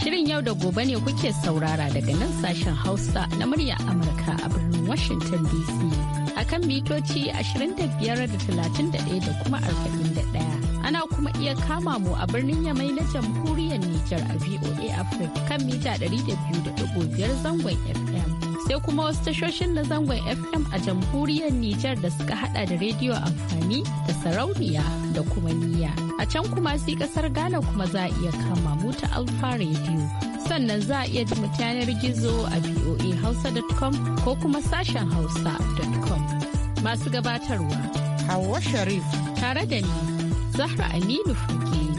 Shirin yau da gobe ne kuke saurara daga nan sashen Hausa na murya Amurka a birnin Washington DC. A kan mitoci 25.31 da kuma 41. Ana kuma iya kama mu a birnin Yamai na jamhuriyar Nijar a VOA Africa kan mita 200.5 zangon FM. Sai kuma wasu tashoshin na zangon FM a jamhuriyar Nijar da suka hada da rediyo amfani da sarauniya. da kuma niyya. A can kuma sai kasar Ghana kuma za a iya kama muta Alfa Radio. Sannan za a iya ji yanar gizo a voahausa.com ko kuma sashen hausa.com. Masu gabatarwa. hawa Sharif. Tare da ni, Zahra Aminu Fuki.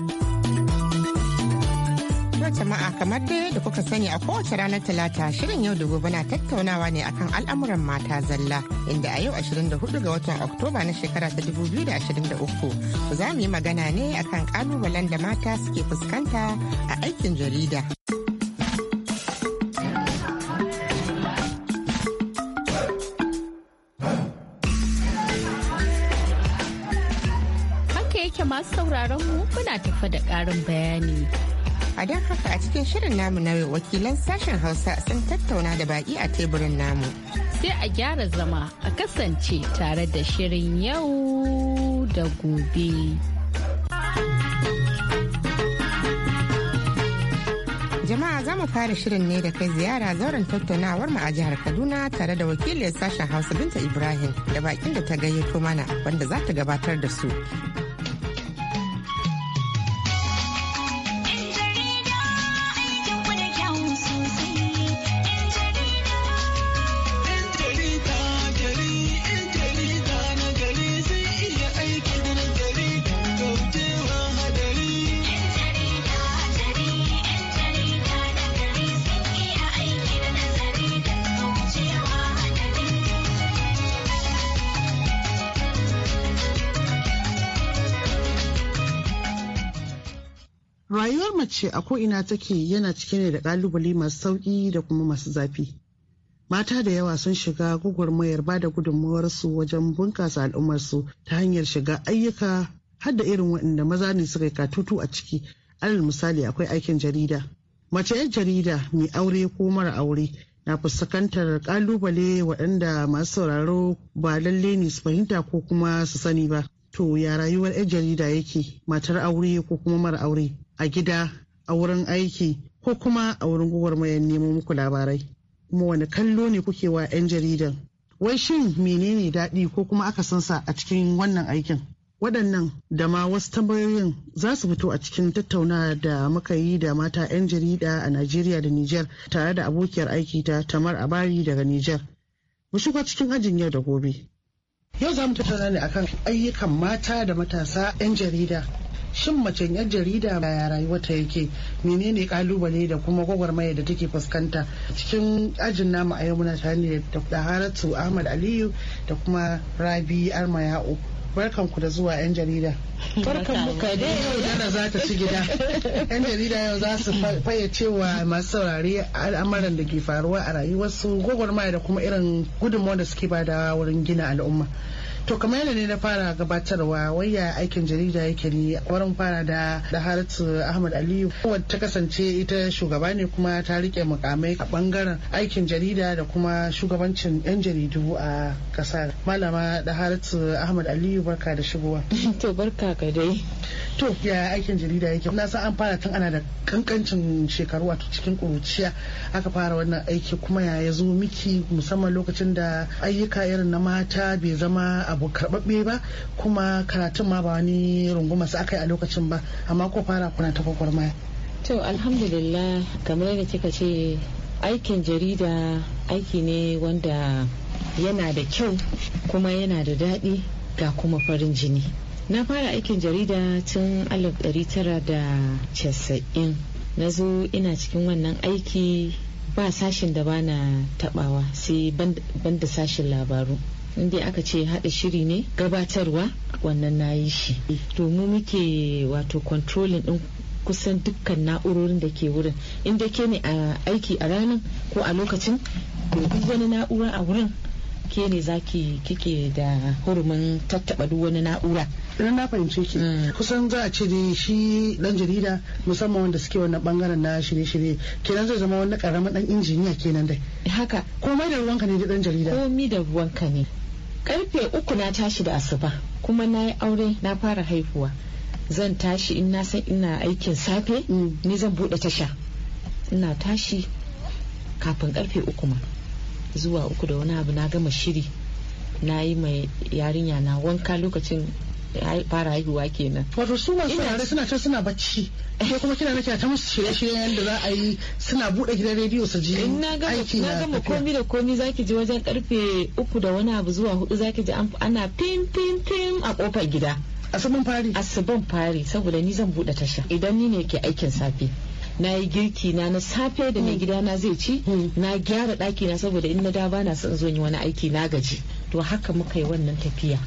jama'a kamar dai da kuka sani a kowace ranar talata shirin yau da gobe na tattaunawa ne akan al'amuran mata zalla inda a yau 24 ga watan oktoba na shekara ta 2023 za mu yi magana ne akan kalubalen da mata suke fuskanta a aikin jarida. yake masu sauraron mu muna tafa da ƙarin bayani. a don haka a cikin shirin namu na yau wakilan sashen hausa sun tattauna da baki a teburin namu sai a gyara zama a kasance tare da shirin yau da gobe jama'a za mu fara shirin ne da kai ziyara zauren tattaunawar mu a jihar kaduna tare da wakilin sashen hausa binta ibrahim da bakin da ta gayyato mana wanda za ta gabatar da su ce a ko'ina take yana cike ne da kalubale masu sauki da kuma masu zafi. Mata da yawa sun shiga mayar ba da gudunmawarsu wajen bunkasa al'ummarsu ta hanyar shiga ayyuka har da irin waɗanda maza ne suka yi katutu a ciki. Alal misali akwai aikin jarida. Mace 'yan jarida mai aure ko mara aure na fuskantar kalubale waɗanda masu sauraro ba lalle ne su fahimta ko kuma su sani ba. To ya rayuwar 'yan jarida yake matar aure ko kuma mara aure a gida a wurin aiki ko kuma a wurin gwagwarmayar nemo muku labarai kuma wani kallo ne kuke wa 'yan jaridan wai shin menene daɗi ko kuma aka san sa a cikin wannan aikin waɗannan da ma wasu tambayoyin za su fito a cikin tattauna da muka yi da mata 'yan jarida a najeriya da Nijar tare da abokiyar aiki ta tamar abari daga Nijar. mu shiga cikin ajin yau da gobe Yau za mu tattauna ne akan ayyukan mata da matasa 'yan jarida. Shin macen 'yan jarida rayuwa rayuwarta yake? Menene kalubale da kuma gwagwarmaya da take fuskanta? Cikin ajin namu a yau muna tare ne da Haratu Ahmad Aliyu da kuma Rabi Armayao. Barkanku da zuwa 'yan jarida. barkan muka dai yau dana za ta ci gida yan jarida yau za su fayyace wa masu saurari al'amuran da ke faruwa a rayuwarsu gwagwarmaya da kuma irin gudunmawar da suke bada wurin gina al'umma To kamar yadda ne na fara gabatarwa wayya aikin jarida yake ne wurin fara da da Haratu eh, Ahmad Aliyu wadda ta kasance ita shugaba ne kuma ta rike mukamai a bangaren aikin jarida da kuma shugabancin yan jaridu a kasar. Malama da Haratu eh, Ahmad Aliyu barka da shigowa. To barka ka dai. To ya aikin jarida yake na san an fara tun ana da kankancin shekaru wato cikin kuruciya aka fara wannan aiki kuma ya zo miki musamman lokacin da ayyuka irin na mata bai zama abu karbabbe ba kuma karatun ma ba wani runguma su aka yi a lokacin ba amma ko fara kuna ta maya to alhamdulillah kamar yadda kika ce aikin jarida aiki ne wanda yana da kyau kuma yana da daɗi ga kuma farin jini na fara aikin jarida tun alif tara 1990 na zo ina cikin wannan aiki ba sashin da bana tabawa sai banda sashin labaru in aka ce haɗa shiri ne gabatarwa wannan na yi shi to muke wato controlling din kusan dukkan na'urorin da ke wurin inda ke ne a aiki a ranar ko a lokacin duk wani na'ura a wurin ke ne za ki kike da hurumin tattaɓa duk wani na'ura idan na fahimce ki mm. kusan za a ce dai shi dan jarida musamman wanda suke wannan bangaren na shirye-shirye kenan zai zama wani karamin dan injiniya kenan dai haka komai da ruwanka ne da dan jarida komai da ruwanka ne karfe uku na tashi da asuba kuma na yi aure na fara haihuwa zan tashi in na san ina aikin safe mm. ni zan buɗe tasha ina tashi kafin karfe uku ma zuwa uku da wani abu na gama shiri na yi mai yarinya na wanka lokacin fara haihuwa kenan wato su masu saurare suna can suna bacci ke kuma kina nake ta musu shirye-shirye yadda za a yi suna bude gidan rediyo su ji na gama komi da komi zaki ji wajen karfe uku da wani abu zuwa hudu zaki ji ana fim fim fim a kofar gida asuban fari asuban fari saboda ni zan bude tasha idan ni ne ke aikin safe na yi girki na na safe da mai hmm. gida na zai ci hmm. na gyara ɗaki na saboda in na da bana son zo yi wani aiki na gaji to haka muka yi wannan tafiya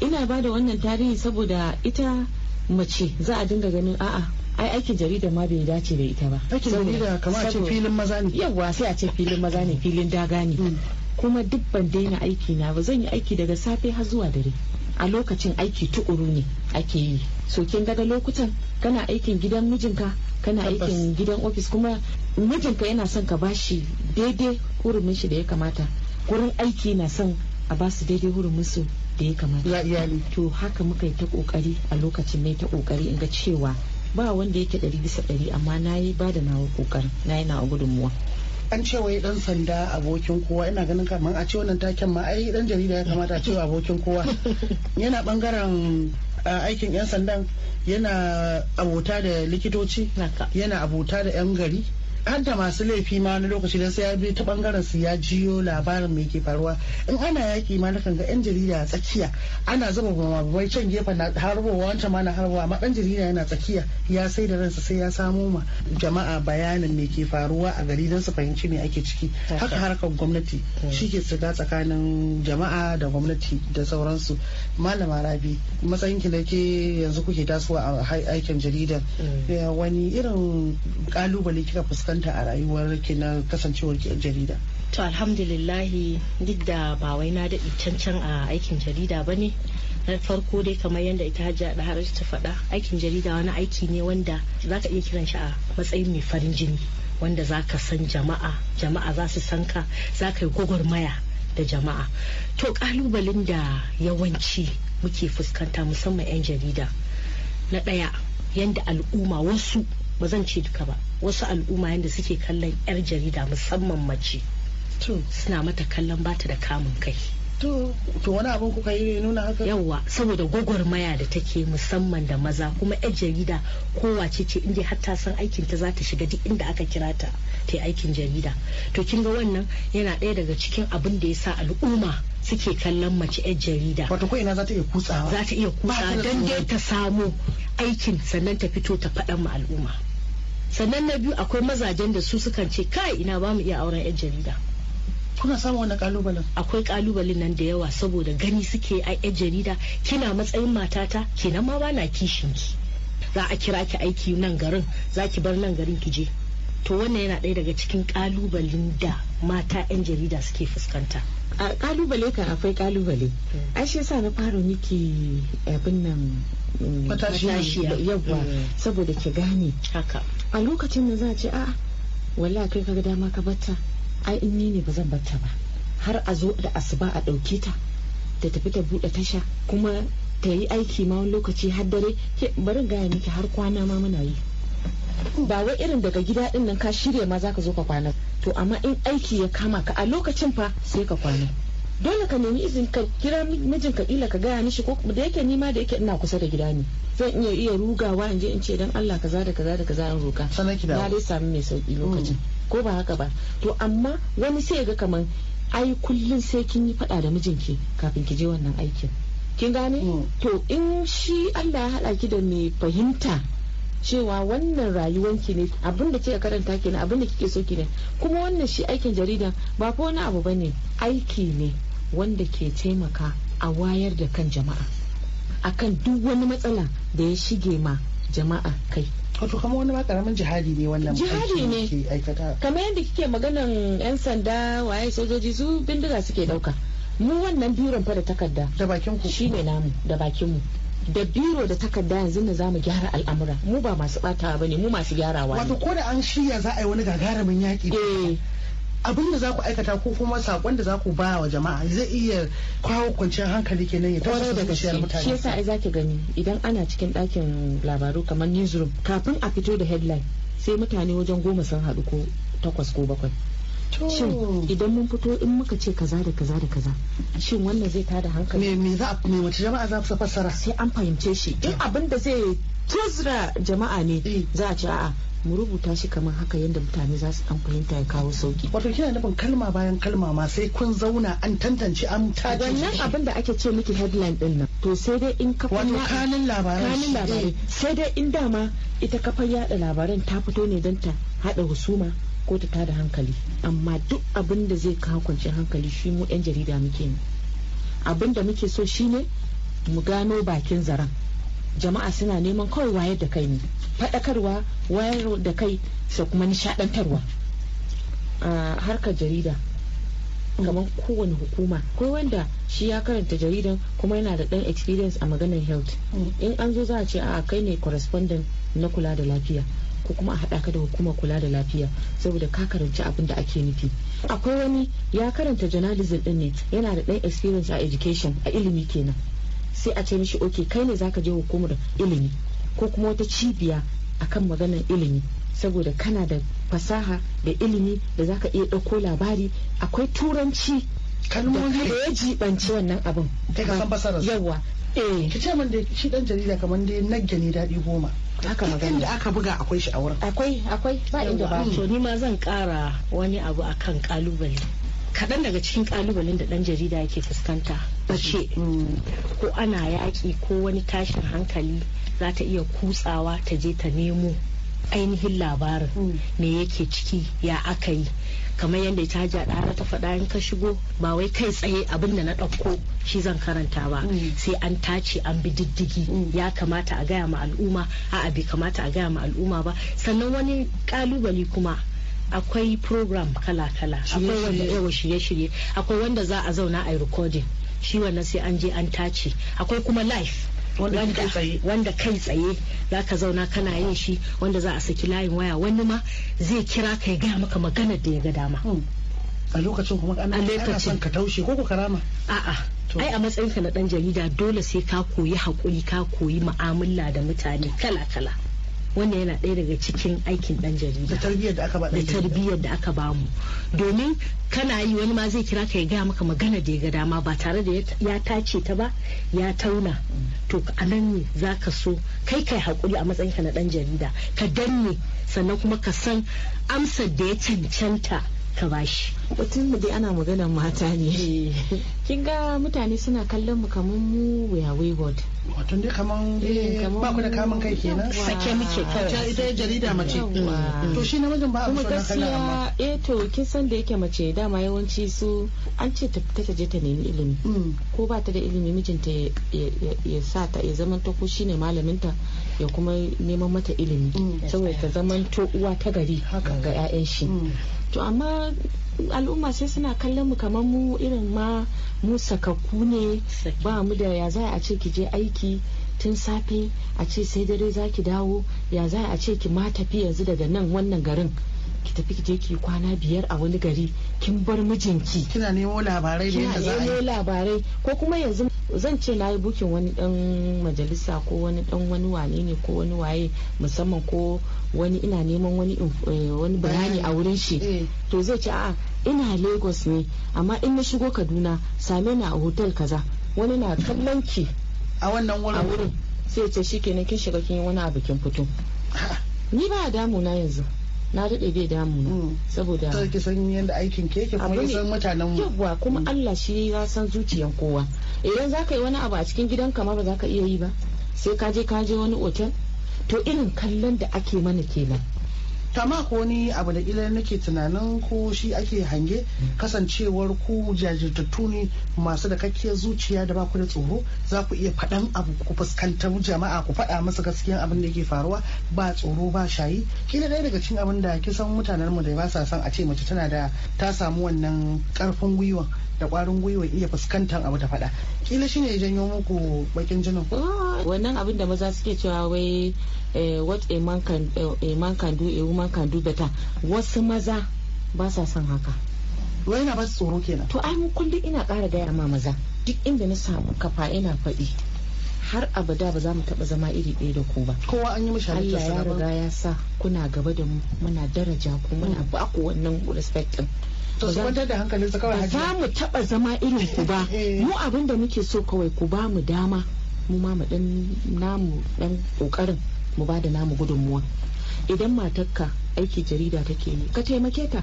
ina ba da wannan tarihi saboda ita mace za a dinga ganin a'a ai aikin jarida ma bai dace da ita ba aikin jarida kamar a ce filin maza ne yawa sai a ce filin maza ne filin daga ne hmm. kuma duk ban daina aiki na ba zan yi aiki daga safe har zuwa dare a lokacin aiki tukuru ne ake yi so kin daga lokutan kana aikin gidan mijinka kana aikin gidan ofis kuma mijinka yana son ka bashi daidai hurumin shi da ya kamata gurin aiki na son a basu daidai hurumin su da ya kamata iyali to haka muka yi ta kokari a lokacin ne ta kokari in cewa ba wanda yake ɗari bisa ɗari amma na yi ba da nawa kokarin na yi nawa gudunmuwa an ce wai dan sanda abokin kowa ina ganin kamar a ce wannan taken ma ai dan jarida ya kamata a ce abokin kowa yana bangaren aikin yan sandan yana abota da likitoci yana abota da yan gari hadda masu laifi ma na lokaci da sai ya bi ta bangaren su ya jiyo labarin mai ke faruwa in ana yaki ma nakan ga yan jarida a tsakiya ana zuba bai can gefen na harbowa wancan ma na harbowa amma dan jarida yana tsakiya ya sai da ransa sai ya samo ma jama'a bayanin mai ke faruwa a gari don su fahimci me ake ciki haka harkar gwamnati shi ke shiga tsakanin jama'a da gwamnati da sauransu malama rabi matsayin ki da ke yanzu kuke tasowa a aikin jarida mm. wani irin kalubale kika fuskanta fuskanta a rayuwar ki kasancewar jarida to alhamdulillahi duk da ba wai na daɗi cancan a aikin jarida ba ne na farko dai kamar yadda ita hajji a ɗahar ta faɗa aikin jarida wani aiki ne wanda za ka iya kiran shi a matsayin mai farin jini wanda za ka san jama'a jama'a za su san ka za ka yi gwagwarmaya da jama'a to kalubalen da yawanci muke fuskanta musamman 'yan jarida na ɗaya yadda al'umma wasu ba zan ce duka ba wasu al'umma yadda suke kallon yar jarida musamman mace suna mata kallon bata da kamun kai to wani abin kuka yi nuna haka yawa saboda gwagwarmaya da take musamman da maza kuma yar jarida kowace ce inda har ta san aikin ta za ta shiga duk inda aka kira ta ta aikin jarida to kin ga wannan yana ɗaya daga cikin abin da ya sa al'umma suke kallon mace yar jarida wato ko ina za ta iya kutsawa za ta iya kutsawa don dai ta samu aikin sannan ta fito ta faɗan ma al'umma sannan na biyu akwai mazajen da su sukan ce kai ina ba mu iya auren yan jarida kuna samun wani kalubalen akwai kalubalen nan da yawa saboda gani suke a yan jarida kina matsayin matata kenan ma bana kishin ki za a kira ki aiki nan garin za ki bar nan garin ki je to wannan yana ɗaya daga cikin kalubalen da mata 'yan jarida suke fuskanta a kalubale kan akwai kalubale hmm. ai shi yasa na fara miki abin nan Mm, yawwa mm. saboda ki gane haka a lokacin da za a ce a walla kai kaga dama ka batta ai in ni ne ba zan bata ba har a zo da asuba a dauke ta ta tafi ta buɗe tasha kuma ta yi aiki ma wani lokaci har dare bari gaya miki har kwana ma muna yi ba wai irin daga gida din nan ka shirya ma zaka zo ka kwana to amma in aiki ya kama ka a lokacin fa sai ka kwana dole ka nemi izin ka kira mijin Ila ka gaya mishi ko da yake nima da yake ina kusa da gida ne zan iya iya rugawa in je in ce dan Allah kaza da kaza da kaza in roka na dai samu mai sauki mm. lokacin ko ba haka ba to amma wani sai ga kaman ai kullun sai kin yi fada da mijinki kafin ki je wannan aikin kin gane mm. to in shi Allah ya hada ki da mai fahimta cewa wannan rayuwanki ne abinda da kika karanta ke ne da kike so ne kuma wannan shi aikin jarida ba ko wani abu bane aiki ne wanda ke taimaka a wayar da kan jama'a a kan duk wani matsala da ya shige ma jama'a kai wato kama wani ma karamin jihadi ne wannan jihadi ne kamar yadda kike maganan yan sanda waye sojoji su bindiga suke dauka mu wannan biron fa da takarda da bakin ku shine namu da bakin mu da biro da takarda yanzu na zamu gyara al'amura mu ba masu batawa bane mu masu gyarawa wato ko da an shirya za a yi wani gagarumin yaki eh abin da za ku aikata ko kuma sakon da za ku ba wa jama'a zai iya kawo kwanciyar hankali kenan ya tabbata da gaskiyar mutane shi yasa ai zaki gani idan ana cikin ɗakin labaru kamar newsroom kafin a fito da headline sai mutane wajen goma sun haɗu ko takwas ko bakwai shin idan mun fito in muka ce kaza da kaza da kaza shin wannan zai tada hankali me za me wace jama'a za su fassara sai an fahimce shi in abin da zai tuzra jama'a ne eh. za a ce a'a mu rubuta shi kamar haka yadda mutane za su dan fahimta ya kawo sauki wato kina nufin kalma bayan kalma ma sai kun zauna an tantance an tace wannan abin da ake ce miki headline din nan to sai dai in kafa wato kanin labarin kanin labarin eh. sai dai in dama ita kafar yada labaran ta fito ne don ta hada husuma ko ta tada hankali amma duk abin da zai kawo kwanciyar hankali shi mu yan jarida muke ne abin da muke so shine mu gano bakin zaren jama'a suna neman kawai wayar da kai ne faɗakarwa wayar da kai sai kuma nishaɗantarwa a harkar jarida kamar kowane hukuma ko wanda shi ya karanta jaridan kuma yana da ɗan experience a maganar health in an zo za a ce a kai ne correspondent na kula da lafiya ko kuma a haɗa ka da hukumar kula da lafiya saboda ka karanci abin da ake nufi akwai wani ya karanta journalism din ne yana da ɗan experience a education a ilimi kenan sai a ce mishi oke kai ne zaka je hukumar ilimi ko kuma wata cibiya akan maganar ilimi saboda kana da fasaha da ilimi da zaka iya ɗauko labari akwai turanci kalmomi da ya jibanci wannan abin yawa eh ki ce man da shi dan jarida kamar dai nagge ne daɗi goma haka magana inda aka buga akwai shi a wurin akwai akwai ba inda ba to ni ma zan kara wani abu akan kalubale kaɗan daga cikin kalubalen da ɗan jarida yake fuskanta bace ko ana yaƙi ko wani tashin hankali za ta iya kutsawa ta je ta nemo ainihin labarin hmm. me yake ciki ya aka yi kamar yadda ta ja ɗara ta faɗa in ka shigo ba wai kai tsaye abin da na ɗauko shi zan karanta ba hmm. sai an tace an bi diddigi hmm. ya kamata a gaya ma al'umma a'a bai kamata a gaya ma al'umma ba sannan wani ƙalubale kuma akwai program kala-kala akwai wanda yawa shirye-shirye akwai wanda za a zauna a yi recording shi wannan sai an je an tace akwai kuma live wanda kai tsaye za ka zauna kana yin shi wanda za a saki layin waya wani ma zai kira ka ya gaya maka magana da ya ga dama hmm. a lokacin kuma ana son ka taushe ko ka rama a'a ai a matsayinka na dan jarida dole sai ka koyi hakuri ka koyi mu'amala da mutane kala kala wannan yana ɗaya daga cikin aikin ɗan jarida da tarbiyyar da aka bamu domin kana yi wani ma zai kira ka ya gaya maka magana da ya ga dama ba tare da ya tace ta ba ya tauna to a nan ne za ka so kai kai hakuri a matsayin ka na ɗan jarida ka danne sannan kuma ka san amsar da ya cancanta ka bashi batun mu dai ana magana mata ne eh. kin ga mutane suna kallon mu kamar mu we are wayward wato dai kaman eh, eh, ba ku da kamun kai kenan sake muke kawai ita jarida mace mm. to shi namijin ba a kuma gaskiya eh to kin san da yake mace dama yawanci su an ce ta fita ta je ta nemi ilimi mm. ko ba ta da ilimi mijinta ya sa ta ya zama ta ko shine malaminta ya kuma neman mata ilimi mm. saboda ta zama to uwa ta gari ga 'ya'yan shi to amma al'umma sai suna kallon mu kamar mu irin ma mu sakakku ne ba mu da ya za a ce ki je aiki tun safe a ce sai dare za ki dawo ya za a ce ki ma tafi yanzu daga nan wannan garin ki tafi ki je ki kwana biyar a wani gari kin bar mijinki kina nemo labarai da yadda za a yi labarai ko kuma yanzu zan ce na yi bukin wani dan majalisa ko wani dan wani wane ne ko wani waye musamman ko wani ina neman wani eh, wani bayani a wurin shi to zai ce a'a ina lagos ne amma in na shigo kaduna same na a hotel kaza wani na kallon ki a wannan wurin sai ce shi kenan kin shiga kin yi wani abu kin fito ni ba damuna yanzu na daɗe bai damuna mm. saboda sai ki san yadda aikin ke ke kuma san mutanen mu yawa kuma mm. Allah shi ya san zuciyan kowa idan zaka yi wani abu a cikin gidan kamar ba zaka iya yi ba sai ka je ka je wani otel to irin kallon da ake mana kenan tama ko ni abu da ƙila nake tunanin ko shi ake hange kasancewar ku jajirtattu ne masu da kakkiyar zuciya da baku da tsoro za ku iya faɗan abu ku fuskantar jama'a ku faɗa masa gaskiyan abin da yake faruwa ba tsoro ba shayi kila ɗaya daga cikin abin da kisan mutanenmu mu da ba sa son a ce mace tana da ta samu wannan karfin gwiwa da kwarin gwiwa iya fuskantar abu ta faɗa kila shi ya janyo muku bakin jinin wannan abin da maza suke cewa wai eh, what a man can eh, man can do a woman can do better wasu maza ba sa son haka wai na ba su tsoro kenan to ai mun kullum ina ƙara gaya ma maza duk inda na samu kafa ina faɗi har abada ba za mu taɓa zama iri ɗaya da ku ba kowa an yi mishi Allah ya riga ya sa kuna gaba da mu muna daraja ku muna ba ku wannan respect din to mu taba zama irin ku ba eh. mu abin da muke so kawai ku ba mu dama mu ma mu dan namu dan kokarin mu ba da namu gudunmuwa idan matarka aiki jarida take yi ka taimake ta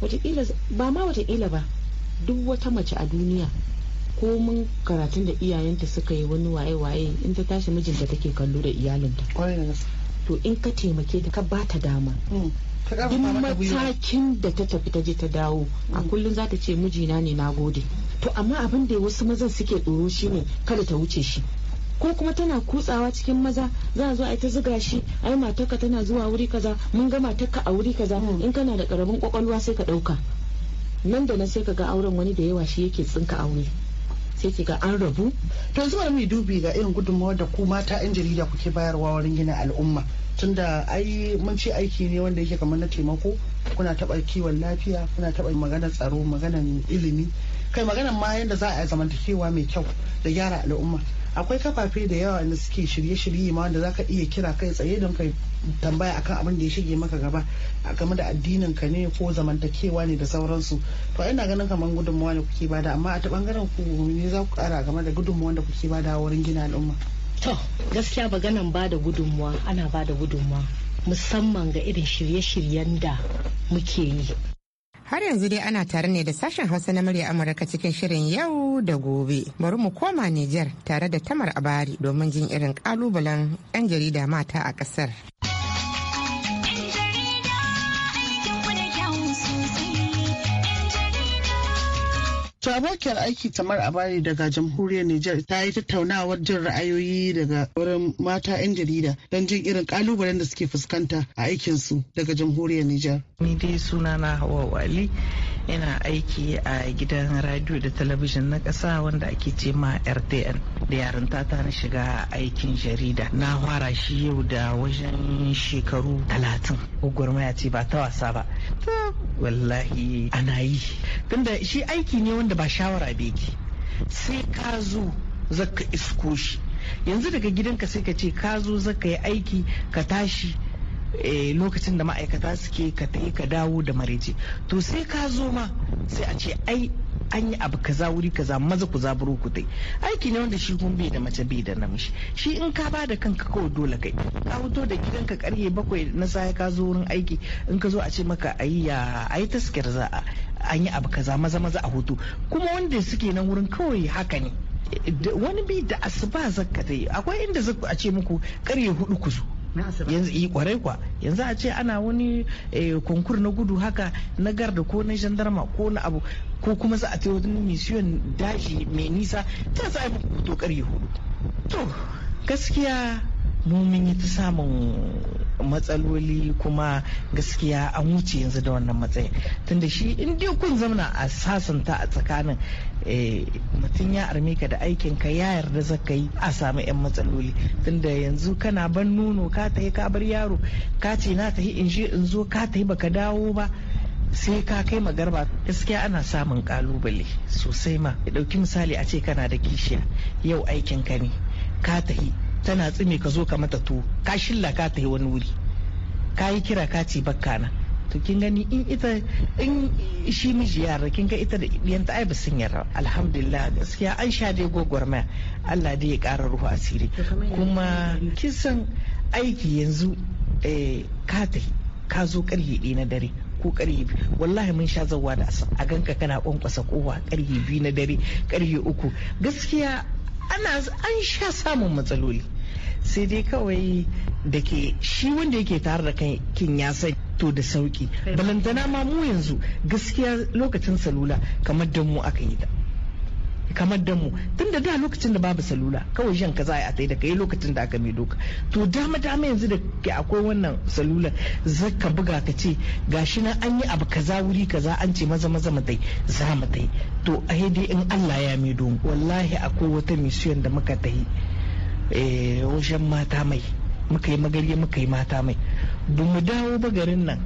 watakila ba ma watakila ba duk wata mace a duniya ko mun karatun da iyayenta suka yi wani waye-waye in ta tashi mijinta take kallo da iyalinta to in ka taimake ta ka ba ta dama mm. matakin da ta tafi ta je ta dawo a mm. kullum za ta ce mijina ne na gode to amma abin da wasu mazan suke tsoro ne kada ta wuce shi ko kuma tana kutsawa cikin maza za a zo a ta zuga shi ai matarka tana zuwa wuri kaza mun ga matarka a wuri kaza mm. in kana da karamin kwakwalwa sai ka dauka nan da nan sai ka ga auren wani da yawa shi yake tsinka aure sai ki ga an rabu to zuwa bari mu dubi ga irin gudunmawar da ku mata yan jarida kuke bayarwa wurin gina al'umma tunda ai mun ce aiki ne wanda yake kamar na taimako kuna taɓa kiwon lafiya kuna taɓa magana tsaro maganar ilimi kai maganar ma yadda za a zamantakewa mai kyau da gyara al'umma akwai kafafe da yawa da suke shirye-shirye ma wanda zaka iya kira kai tsaye don kai tambaya akan abin da ya shige maka gaba game da addinin ka ne ko zamantakewa ne da sauransu to ina ganin kamar gudunmawa ne kuke bada amma a ta bangaren ku ne za ku kara game da gudunmawa da kuke bada wurin gina al'umma to gaskiya maganan ba da gudunmuwa ana ba da gudunmuwa musamman ga irin shirye-shiryen da muke yi har yanzu dai ana tare ne da sashen hausa na murya amurka cikin shirin yau da gobe bari mu koma nijar tare da tamar abari domin jin irin kalubalen 'yan jarida mata a ƙasar. To abokiyar aiki tamar abari daga jamhuriyar Nijar ta yi tattaunawar jin ra'ayoyi daga wurin mata 'yan jarida don jin irin kalubalen da suke fuskanta a aikinsu daga jamhuriyar Nijar. Ni dai sunana Hawa Wali ina aiki a gidan radio da talabijin na ƙasa wanda ake ce ma rtn da yaren tata na shiga aikin jarida na fara shi yau da wajen shekaru talatin gwagwarmaya ce ba ta wasa ba wallahi ana yi tunda shi aiki ne wanda ba shawara beki sai ka zo zaka iskoshi. yanzu daga gidanka sai ka ce ka zo zaka yi aiki ka tashi Eh, lokacin da ma'aikata suke ka ta'i ka dawo da marece to sai ka zo ma sai a ce ai an yi abu kaza wuri kaza maza ku zaburo ku tai aiki ne wanda shi kun bai da mace bai da namiji shi in ka ba da kanka kawai dole kai ka fito da gidanka karye bakwai na sa ka zo wurin aiki in ka zo a ce maka ayi ya ayi taskar za a an yi abu kaza maza maza a hutu kuma wanda suke nan wurin kawai haka ne wani bi da asuba zakka ta yi akwai inda a ce muku karye hudu ku zo yanzu eh, kwarai kwa yanzu a ce ana wani eh, konkur na gudu haka na garda ko na gendarma ko na abu ko kuma za a ce wani misiyon daji mai nisa ta za a yi to karye hudu to gaskiya mu mun yi ta samun matsaloli kuma gaskiya an wuce yanzu da wannan matsayin tunda shi in dai kun zamana a sasanta a tsakanin eh, mutum ya arme ka da aikin ka ya yarda zaka yi a samu yan matsaloli tunda yanzu kana ban nono ka tafi ka bar yaro ka ce na yi in je in zo ka yi baka dawo ba sai ka kai magarba gaskiya ana samun kalubale sosai ma ya dauki misali a ce kana da kishiya yau aikin ka ne ka tahi tana tsime ka zo ka mata to ka shilla ka ta yi wani wuri ka yi kira ka ce bakka na to kin gani in ita in shi miji yara kin ga ita da ta ai sun yara alhamdulillah gaskiya an sha dai gogwar maya Allah dai ya ƙara ruhu asiri kuma kisan aiki yanzu eh, ka ta ka zo karye ɗaya na dare ko karye biyu wallahi mun sha zawa da asa a ganka kana kwankwasa kowa karye biyu na dare karye uku gaskiya ana an sha samun matsaloli sai dai kawai da ke shi wanda yake tare da kin ya sai to da sauki balantana ma mu yanzu gaskiya lokacin salula kamar da mu aka yi ta kamar da mu tun da da lokacin da babu salula kawai shan ka za a tsaye da kai lokacin da aka mai doka to dama dama yanzu da ke akwai wannan salula ka buga ka ce gashi nan an yi abu kaza wuri kaza an ce maza maza matai za mu tai to a dai in Allah ya mai don wallahi akwai wata misiyon da muka yi eh, wajen mata mai muka yi magariya muka yi mata mai ba mu dawo ba garin nan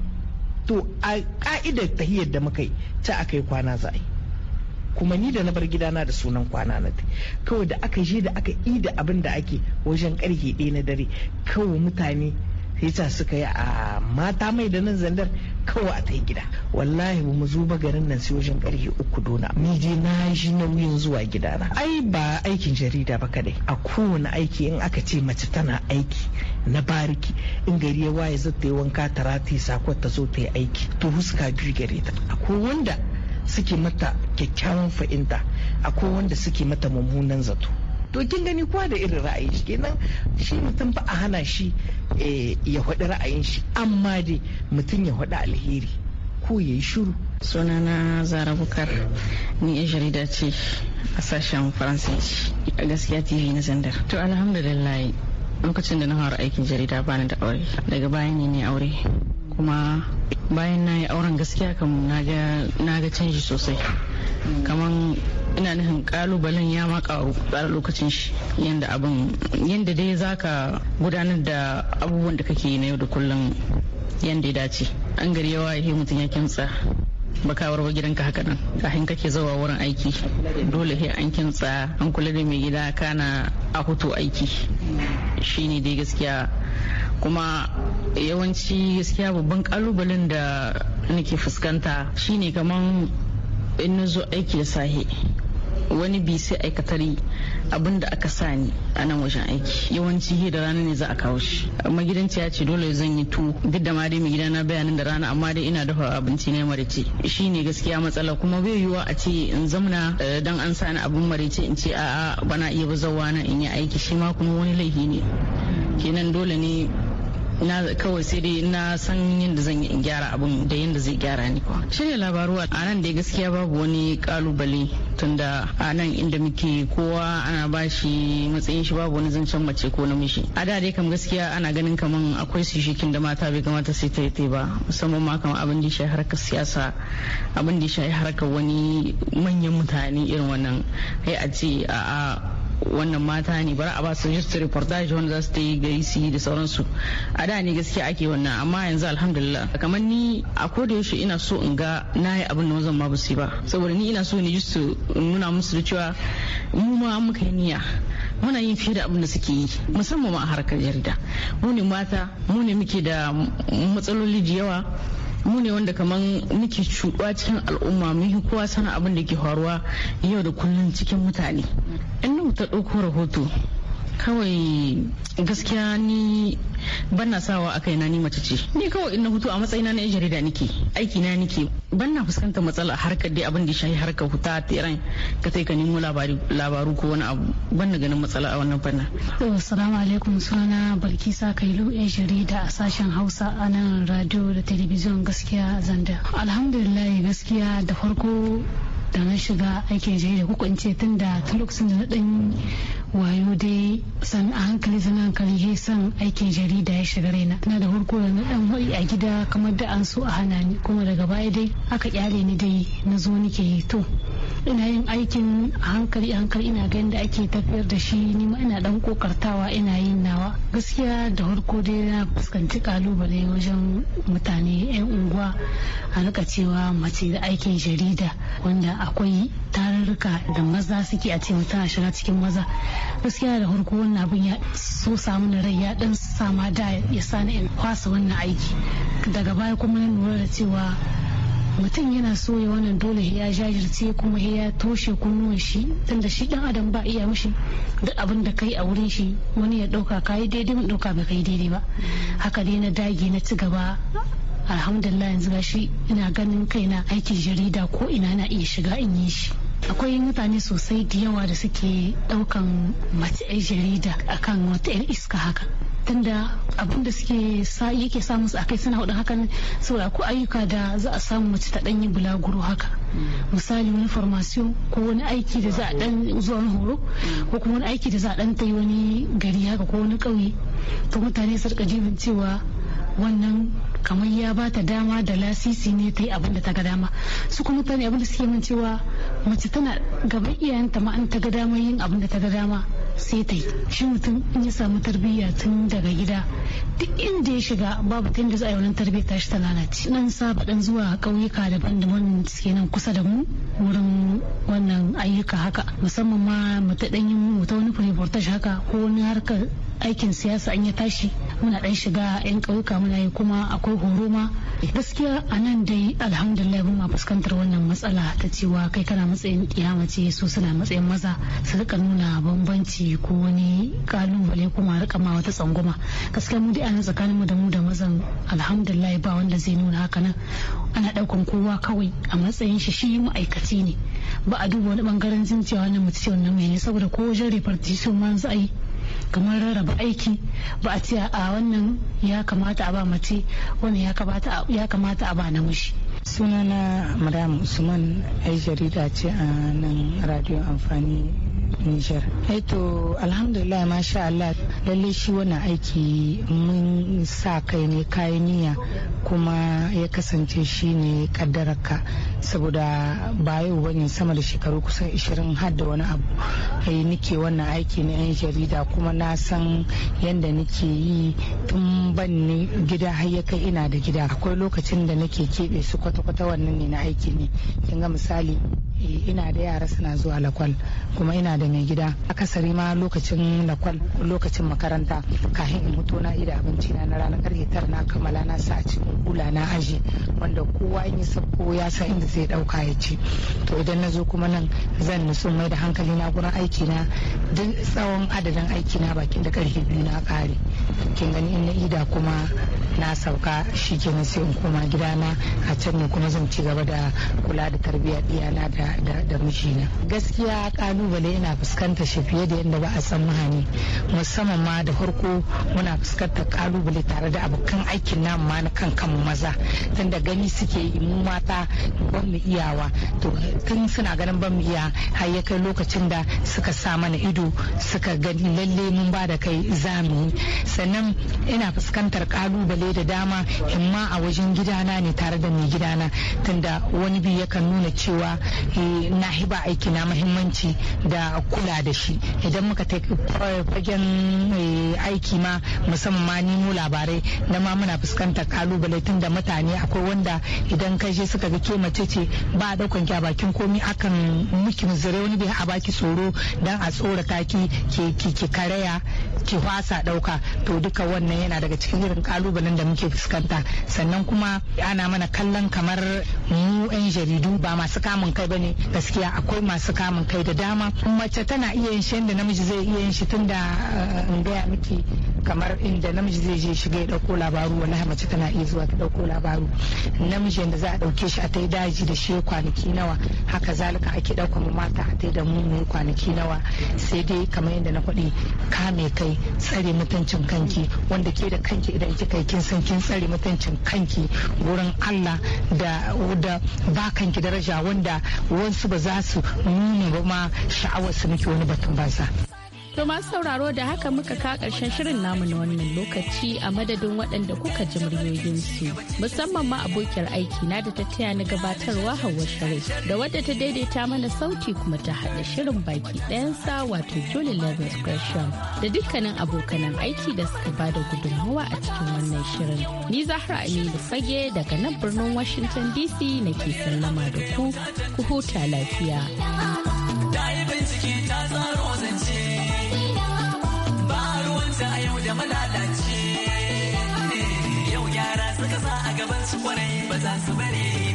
to a ka'idar tahiyar da muka yi ta yi kwana yi kuma ni da na bar gidana da sunan kwana na kawai da aka je da aka yi da abin da ake wajen karfe ɗaya na dare kawai mutane yasa suka yi a ah, mata mai da nan zandar kawai a ta gida wallahi mu zo ba garin nan sai wajen karfe uku dona ni dai na na nauyin zuwa gidana ai ba aikin jarida ba kadai a kowane aiki in aka ce mace tana aiki na bariki in gari ya waye ta yi wanka ta rataye sakon ta zo ta yi aiki to huska biyu gare ta akwai wanda suke mata kyakkyawan fa'inta ko wanda suke mata mummunan zato to kin gani kowa da irin ra'ayin shi kenan shi mutum ba a hana shi eh, ya faɗi ra'ayin shi amma dai mutum ya faɗi alheri ko ya yi shiru sunana zara bukar ni ya jarida ce a sashen faransanci a gaskiya tv na zandar to alhamdulillah lokacin da na fara aikin jarida bani da aure daga baya ne ne aure kuma bayan na yi auren gaskiya kan na ga canji sosai kaman ina nufin kalubalen ya ma karu lokacin shi yadda abin yadda dai zaka gudanar da abubuwan da kake na yau da kullum yadda ya dace an gari yawa ya mutum ya kimtsa bakawar ba gidanka haka nan kafin kake zuwa wurin aiki dole sai an kintsa an kula da mai gida kana a hutu aiki shine dai gaskiya kuma yawanci gaskiya babban kalubalen da nake fuskanta shine kaman in na zo aiki da sahi wani bi sai aikatari abinda aka sa ni a nan wajen aiki yawanci hi da rana ne za a kawo shi amma gidanci ya ce dole zan yi tu duk da ma dai mai gidana bayanin da rana amma dai ina dafa abinci ne marice shi ne gaskiya matsala kuma bai yiwuwa a ce in zamna eh, dan an sa abin marice in ce a'a bana iya bazawa na in yi aiki shi ma kuma wani laifi ne kenan dole ne na kawai sai dai na san yadda zan yi in gyara abin da yadda zai gyara ni kuwa shirya labaru a nan da gaskiya babu wani kalubale tunda a nan inda muke kowa ana bashi matsayin shi babu wani zancen mace ko namiji a da dai kam gaskiya ana ganin kaman akwai su shikin da mata bai kamata sai ta yi ba musamman ma kamar abin da ya shafi harkar siyasa abin da ya shafi harkar wani manyan mutane irin wannan kai a ce a wannan mata ne bara a ba su just reportage wanda za su ta yi gari da sauransu a da ne gaskiya ake wannan amma yanzu alhamdulillah kamar ni a koda yaushe ina so in ga na yi abin da zan ma ba su ba saboda ni ina so ne just nuna musu da cewa mu ma muka yi niyya muna yin fiye da abin da suke yi musamman ma a harkar jarida mu ne mata mu ne muke da matsaloli da yawa mu ne wanda kaman muke cuɗuwa cikin al'umma mun kowa sana abin da ke faruwa yau da kullum cikin mutane in ta ɗauko rahoto kawai gaskiya ni Banna sawa a na ni mace ce ni kawai in na hutu a matsayina na yan jarida nake aiki na nake ban fuskantar matsala harkar dai abin da shahi harkar huta teran ka sai ka nemo labaru ko wani abu ban na ganin matsala a wannan fannin. assalamu alaikum suna balkisa kailu yan jarida a sashen hausa a nan radio da talabijin gaskiya zanda alhamdulillah gaskiya da farko da na shiga aikin jarida kuka ce tun da tun lokacin da na ɗan. wayo dai san a hankali sana hankali he san aikin jarida ya shiga raina na da farko da na dan wai a gida kamar da an so a hana ni kuma daga baya dai aka kyale ni dai na zo nike to ina yin aikin hankali hankali ina ganin da ake tafiyar da shi ni ma ina dan kokartawa ina yin nawa gaskiya da harko dai na fuskanci kalubale wajen mutane yan unguwa a rika cewa mace da aikin jarida wanda akwai tarurruka da maza suke a cewa tana shiga cikin maza gaskiya da harko wannan abin ya so samu na rai ya dan sama da ya sani in kwasa wannan aiki daga baya kuma na lura da cewa mutum yana so ya wannan dole ya jajirce kuma ya toshe kunnuwan shi tunda shi dan adam ba iya mishi duk abin da kai a wurin shi wani ya dauka kai daidai mun dauka ba kai daidai ba haka dai na dage na ci gaba alhamdulillah yanzu gashi ina ganin kaina aikin jarida ko ina na iya shiga in yi shi akwai mutane sosai da yawa da suke daukan mace jarida akan wata 'yan iska haka tunda abin da suke yake samu musu akai suna hudun hakan saboda ko ayyuka da za a samu mace ta danyi bulaguro haka misali wani farmasiyo ko wani aiki da za a dan zuwa horo ko kuma wani aiki da za a dan ta wani gari haka ko wani ƙauye to mutane su rika jin cewa wannan kamar ya ba ta dama da lasisi ne ta yi abin da ta ga dama su kuma mutane abin da suke min cewa mace tana gaban iyayenta ma an ta ga dama yin abin da ta ga dama sai ta yi shi mutum in ya samu tarbiyya tun daga gida duk inda ya shiga babu ta inda za a yi wannan tarbiyya ta shi ta lalace nan saba dan zuwa ƙauyuka daban-daban suke nan kusa da mu wurin wannan ayyuka haka musamman ma mu ta dan yi mu ta wani reportage haka ko wani harkar aikin siyasa an ya tashi muna ɗan shiga yan ƙauyuka muna yi kuma akwai horo ma gaskiya a nan dai alhamdulillah mun ma fuskantar wannan matsala ta cewa kai kana matsayin kiyama ce su suna matsayin maza su rika nuna bambanci ko wani kalubale ko ma rika ma wata tsangwama gaskiya mu dai ana tsakanin mu da mu da mazan alhamdulillah ba wanda zai nuna haka nan ana daukan kowa kawai a matsayin shi shi ma'aikaci ne ba a duba wani bangaren zinciya wannan mace ce wannan mai ne saboda ko wajen repartition ma za a yi kamar rarraba aiki ba a ce a wannan ya kamata a ba mace wannan ya kamata a ba namiji sunana madam usman ai jarida ce a nan radio amfani Nijar. Eto eh alhamdulillah masha Allah lallai shi wannan aiki mun sa kai ne kayan niya. kuma ya kasance shi ne kaddararka saboda ba yau bane sama da shekaru kusan 20 har da wani abu ai nike wannan aiki na 'yan jarida kuma na san yadda nike yi tun ban gida har ya kai ina da gida akwai lokacin da nake keɓe su kwata-kwata wannan ne na aiki ne ga misali eh, ina da yara suna zuwa lakwal kuma ina da mai gida akasari ma lokacin lakwal lokacin makaranta kahin in mutu na ida abinci na na ranar karfe tara na kammala na sa a cikin kula na aji wanda kowa in ya sauko ya sa inda zai dauka ya ci to idan na zo kuma nan zan nisu mai da hankali na gurin aiki na duk tsawon adadin aiki na bakin da karfe biyu na kare kin gani in na ida kuma na sauka shi ke sai in koma gida na a can ne kuma zan ci gaba da kula da tarbiyyar iyana da mijina gaskiya kalubale ina fuskantar shi fiye da yadda ba a tsammani musamman ma da farko muna fuskantar kalubale tare da abokan aikin namu ma na kanka mu maza tunda gani suke yi mu mata ban mu iyawa to tun suna ganin ban mu iya har ya kai lokacin da suka sa mana ido suka gani lalle mun ba da kai zamu sannan ina fuskantar kalubale da dama imma a wajen gidana ne tare da mai gidana tunda wani biyu yakan nuna cewa eh, na hiba aiki na muhimmanci da kula da shi idan muka ta fagen eh, aiki ma musamman ma nemo labarai na ma muna fuskantar kalubale tun da mutane akwai wanda idan ka je suka ga ke mace ce ba a daukan ki a bakin komi akan miki zire wani bai a baki tsoro dan a tsorata ki ki karaya ki wasa ɗauka to duka wannan yana daga cikin irin kalubalen da muke fuskanta sannan kuma ana mana kallon kamar mu yan jaridu ba masu kamun kai ba ne gaskiya akwai masu kamun kai da dama mace tana iya yin shi da namiji zai iya yin shi tunda eh, in gaya miki kamar inda namiji zai je shiga ya dauko labaru wala mace tana iya zuwa ta dauko labaru namiji da za a dauke shi a tai daji da shi kwanaki nawa haka zalika ake dauka mata a tai da mu kwanaki nawa sai dai kamar yadda na faɗi kame kai tsare mutuncin kanki wanda ke da kanki idan kika kin san kin tsare mutuncin kanki wurin Allah da da ba kanki daraja wanda wasu ba za su nuna ba ma sha'awar su miki wani batun banza. To masu sauraro da haka muka ka ƙarshen shirin namu na wannan lokaci a madadin waɗanda kuka ji muryoyin su musamman ma abokiyar aiki na da ta taya ni gabatarwa Hauwa Sharif da wadda ta daidaita mana sauti kuma ta haɗa shirin baki ɗayan sa wato Julie Lagos Gresham da dukkanin abokanan aiki da suka ba da gudunmawa a cikin wannan shirin. Ni Zahra Aminu Fage daga nan birnin Washington DC nake sallama da ku ku huta lafiya. da malalaci eh, yau yara suka sa a gaban su kwarai ba za su bari